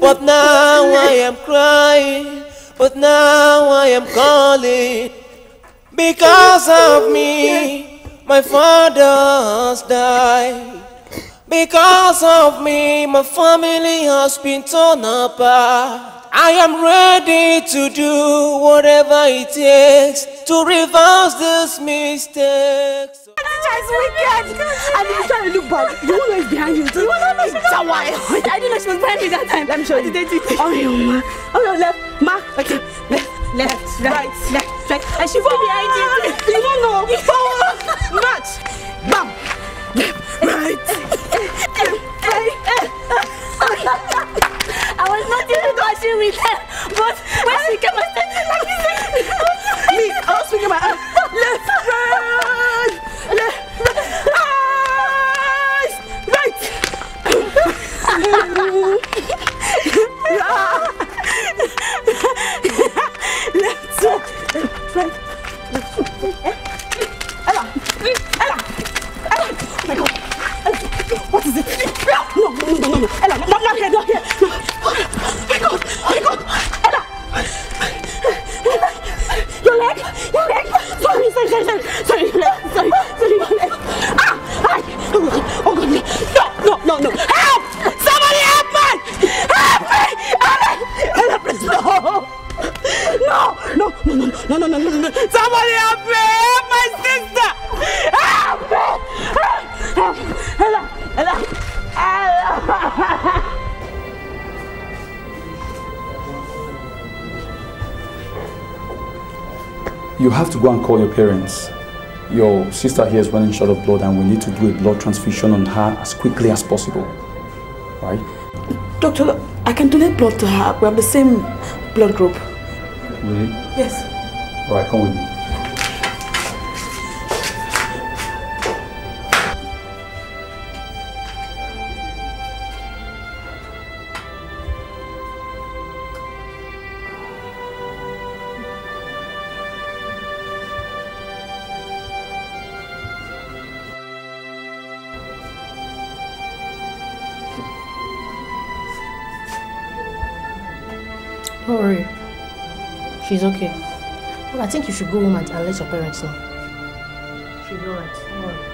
but now I am crying, but now I am calling. Because of me, my father has died. Because of me, my family has been torn apart. I am ready to do whatever it takes to reverse these mistakes wicked. And he was trying to look back. The woman is behind you? You will not It's a while. I didn't know she was behind me that time. Let me show you. Did they do? Oh, no, ma. Oh, no, left. Ma. Okay. Left. Left. Right. Left. Right. And she went behind you. Oh, you will not know. Forward. March. Bam. Left. Right. Right. I was not even watching with her. But when she came and started like this, me, I was swinging my arm. Left, right, left, right, right. left, right, right. Ella, Ella. What is it? No, no, no, no, no. Ella, not, not here, not here. No. Oh my God, oh my God. Ella. Your leg, your leg. Sorry, sorry, sorry, sorry. Sorry, your leg, sorry, sorry, your leg. Ah, hi. Oh God, oh God, me. No, no, no, no. Help! Somebody help me! Help me! Ella, Ella, please, no. No, no, no, no, no, no, no, no. Somebody help me! Help my sister! Help me! Help! Ella! you have to go and call your parents. Your sister here is running short of blood and we need to do a blood transfusion on her as quickly as possible. Right? Doctor, I can donate blood to her. We have the same blood group. Really? Yes. Right, come with me. She's okay. Well, I think you should go home and, let your parents know. She'll alright.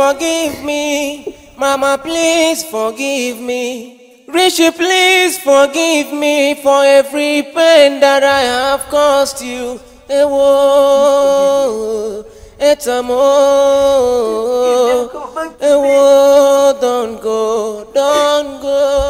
forgive me. Mama, please forgive me. Rishi, please forgive me for every pain that I have caused you. Ewo, etamo, ewo, don't go, don't go.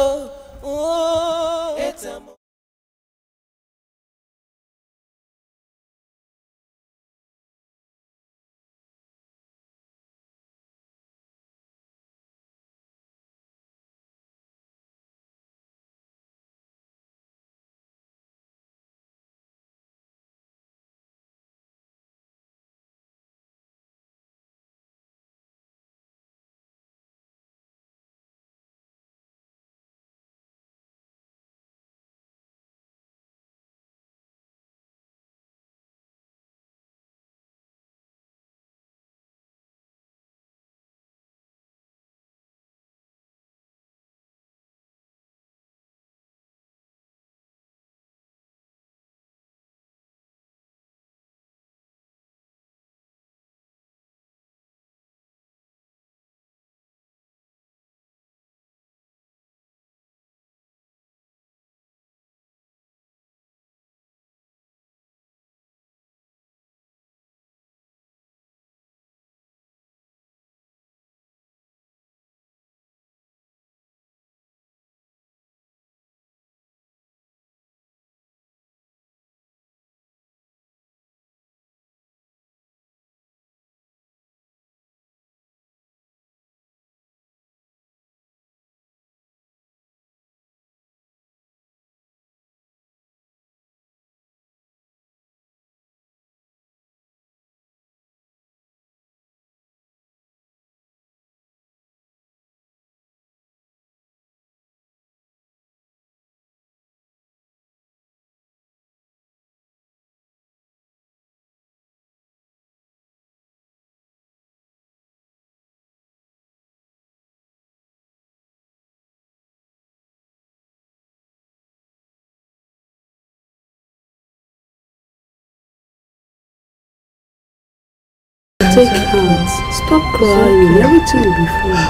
Take hands. Stop crying. Okay. Everything will be fine.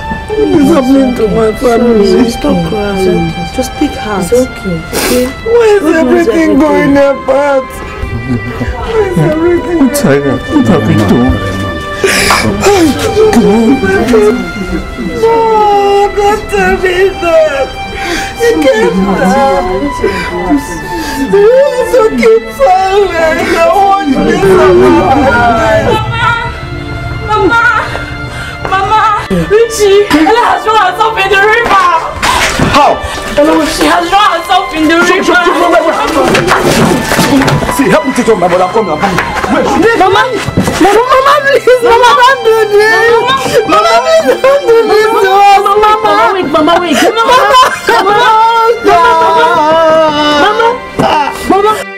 What is happening to my family? Okay. Stop crying. Okay. Just take hands. It's okay. okay? Why is everything, everything going apart? Why is everything I'm tired. What happened to him? No, don't tell me that. You can't stop. You also keep silent. I want this to happen. Mama! Mama! Richie! Ella has thrown herself in the river! How? Hello? She has thrown herself in the river! Show, show, show, wait, See, help me take off my brother. I'm coming, I'm coming. Wait, wait. Mama! Mama, mama, please! Mama, don't do this! Mama, mama please don't do this to us! Mama, mama, wait, mama, wait! Mama, mama! Mama! Mama! Mama! Mama!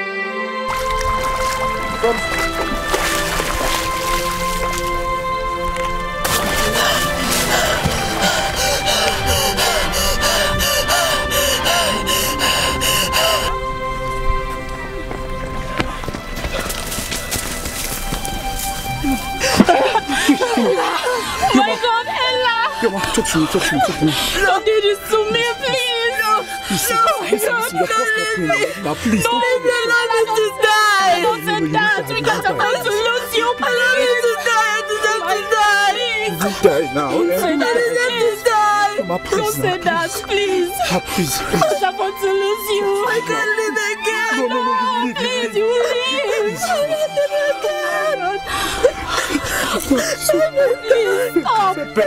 Oh my God, Ella! Yo, talk to me, talk to me, talk to me. Don't do this to me, please! Listen, no, listen, listen, you're crossing your pain now. Now, please, don't leave me alone, I don't to die! I don't say that, because I'm going to lose you, please! I don't need to die, I deserve to die! You die now. I deserve to die! Don't say that, please! Please, please. I want to lose you! I can't live again! No, no, no, you leave, you leave! Please, you leave! I can't live again! Your Não! you've caused so Não! pain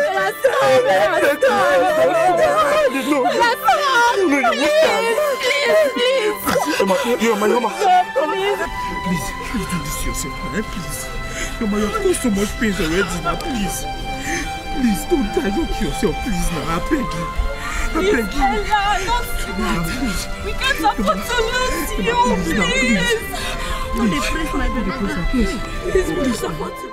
already now, please. Please, don't dilute Não! please now, I Não! you. I beg Não! Ella, not please. Não! can't afford to Não! you, please. Please, please. Please, please. Please, please. Please, please. Please, please. Please, please. Please, please. Please, please.